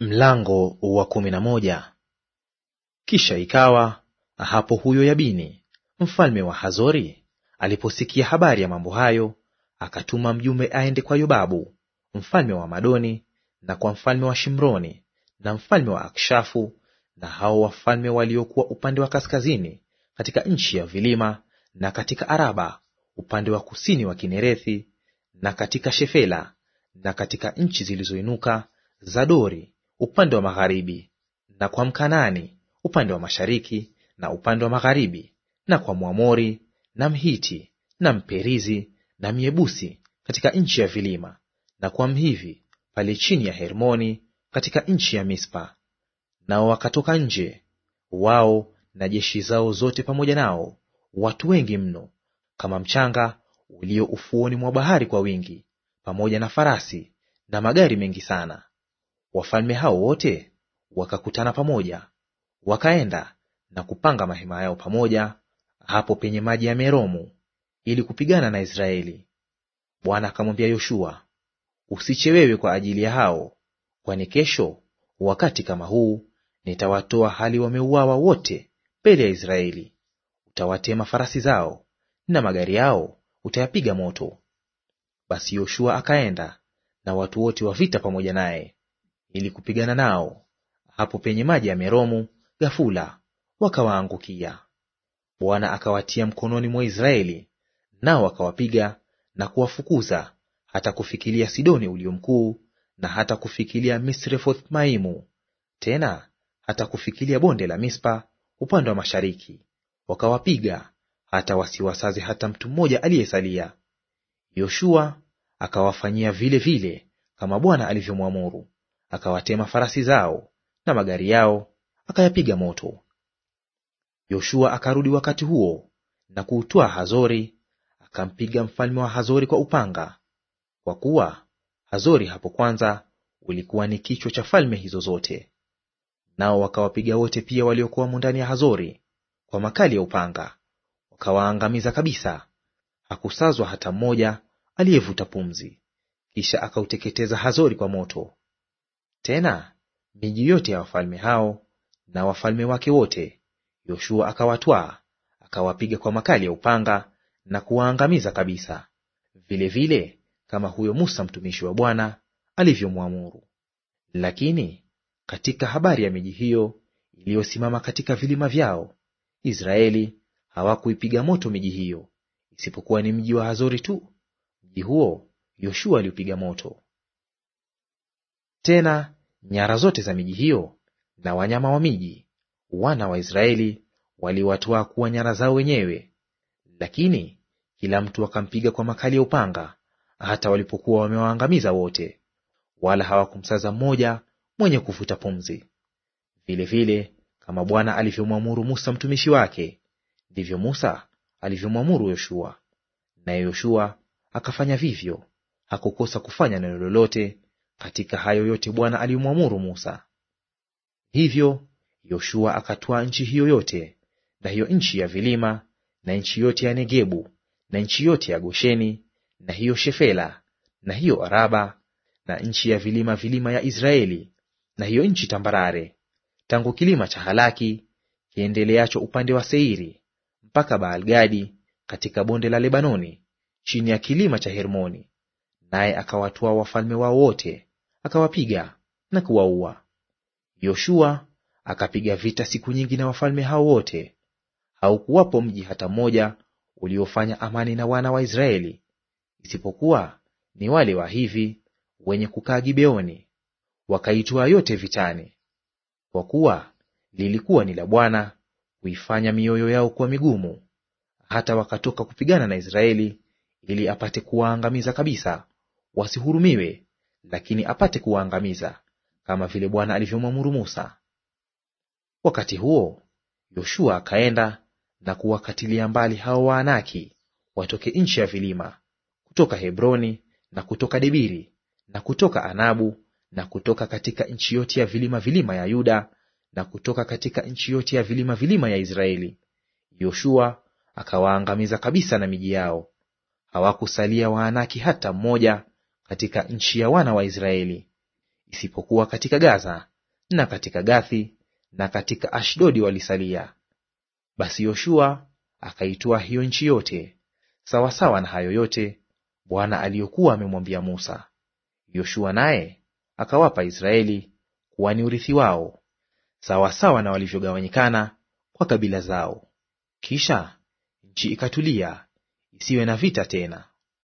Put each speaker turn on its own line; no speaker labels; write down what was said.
Mlango wa kumi na moja. Kisha ikawa hapo huyo Yabini mfalme wa Hazori aliposikia habari ya mambo hayo, akatuma mjumbe aende kwa Yobabu mfalme wa Madoni na kwa mfalme wa Shimroni na mfalme wa Akshafu na hao wafalme waliokuwa upande wa kaskazini katika nchi ya vilima na katika Araba upande wa kusini wa Kinerethi na katika Shefela na katika nchi zilizoinuka za Dori upande wa magharibi, na kwa mkanani upande wa mashariki na upande wa magharibi, na kwa Mwamori na Mhiti na Mperizi na Myebusi katika nchi ya vilima, na kwa Mhivi pale chini ya Hermoni katika nchi ya Mispa. Nao wakatoka nje, wao na jeshi zao zote pamoja nao, watu wengi mno, kama mchanga ulio ufuoni mwa bahari kwa wingi, pamoja na farasi na magari mengi sana. Wafalme hao wote wakakutana pamoja, wakaenda na kupanga mahema yao pamoja hapo penye maji ya Meromu, ili kupigana na Israeli. Bwana akamwambia Yoshua, usichewewe kwa ajili ya hao, kwani kesho wakati kama huu nitawatoa hali wameuawa wote mbele ya Israeli. Utawatema farasi zao na magari yao utayapiga moto. Basi Yoshua akaenda na watu wote wa vita pamoja naye, ili kupigana nao hapo penye maji ya Meromu, ghafula wakawaangukia. Bwana akawatia mkononi mwa Israeli, nao akawapiga na kuwafukuza hata kufikilia Sidoni ulio mkuu, na hata kufikilia maimu tena hata kufikilia bonde la Mispa upande wa mashariki, wakawapiga hata wasiwasaze hata mtu mmoja aliyesalia. Yoshua akawafanyia vile vile kama Bwana alivyomwamuru akawatema farasi zao na magari yao akayapiga moto. Yoshua akarudi wakati huo na kuutoa Hazori, akampiga mfalme wa Hazori kwa upanga, kwa kuwa Hazori hapo kwanza ulikuwa ni kichwa cha falme hizo zote. Nao wakawapiga wote pia waliokuwa ndani ya Hazori kwa makali ya upanga, wakawaangamiza kabisa; hakusazwa hata mmoja aliyevuta pumzi. Kisha akauteketeza Hazori kwa moto. Tena miji yote ya wafalme hao na wafalme wake wote Yoshua akawatwaa, akawapiga kwa makali ya upanga na kuwaangamiza kabisa, vile vile kama huyo Musa mtumishi wa Bwana alivyomwamuru. Lakini katika habari ya miji hiyo iliyosimama katika vilima vyao, Israeli hawakuipiga moto miji hiyo, isipokuwa ni mji wa Hazori tu; mji huo Yoshua aliupiga moto. Tena nyara zote za miji hiyo na wanyama wa miji, wana wa Israeli waliwatoa kuwa nyara zao wenyewe, lakini kila mtu akampiga kwa makali ya upanga, hata walipokuwa wamewaangamiza wote, wala hawakumsaza mmoja mwenye kuvuta pumzi. Vile vile kama Bwana alivyomwamuru Musa mtumishi wake, ndivyo Musa alivyomwamuru Yoshua. Naye Yoshua akafanya vivyo, hakukosa kufanya neno lolote katika hayo yote Bwana alimwamuru Musa. Hivyo Yoshua akatwaa nchi hiyo yote, na hiyo nchi ya vilima, na nchi yote ya Negebu, na nchi yote ya Gosheni, na hiyo Shefela, na hiyo Araba, na nchi ya vilima vilima ya Israeli, na hiyo nchi tambarare, tangu kilima cha Halaki kiendeleacho upande wa Seiri mpaka Baalgadi katika bonde la Lebanoni chini ya kilima cha Hermoni. Naye akawatoa wafalme wao wote akawapiga na kuwaua. Yoshua akapiga vita siku nyingi na wafalme hao wote. Haukuwapo mji hata mmoja uliofanya amani na wana wa Israeli, isipokuwa ni wale wa hivi wenye kukaa Gibeoni, wakaitwa yote vitani, kwa kuwa lilikuwa ni la Bwana kuifanya mioyo yao kuwa migumu, hata wakatoka kupigana na Israeli ili apate kuwaangamiza kabisa, wasihurumiwe lakini apate kuwaangamiza kama vile Bwana alivyomwamuru Musa. Wakati huo Yoshua akaenda na kuwakatilia mbali hao Waanaki watoke nchi ya vilima, kutoka Hebroni na kutoka Debiri na kutoka Anabu na kutoka katika nchi yote ya vilima vilima ya Yuda na kutoka katika nchi yote ya vilima vilima ya Israeli. Yoshua akawaangamiza kabisa na miji yao. Hawakusalia Waanaki hata mmoja katika nchi ya wana wa Israeli, isipokuwa katika Gaza na katika Gathi na katika Ashdodi walisalia. Basi Yoshua akaitoa hiyo nchi yote sawasawa na hayo yote Bwana aliyokuwa amemwambia Musa. Yoshua naye akawapa Israeli kuwa ni urithi wao sawasawa na walivyogawanyikana kwa kabila zao. Kisha nchi ikatulia isiwe na vita tena.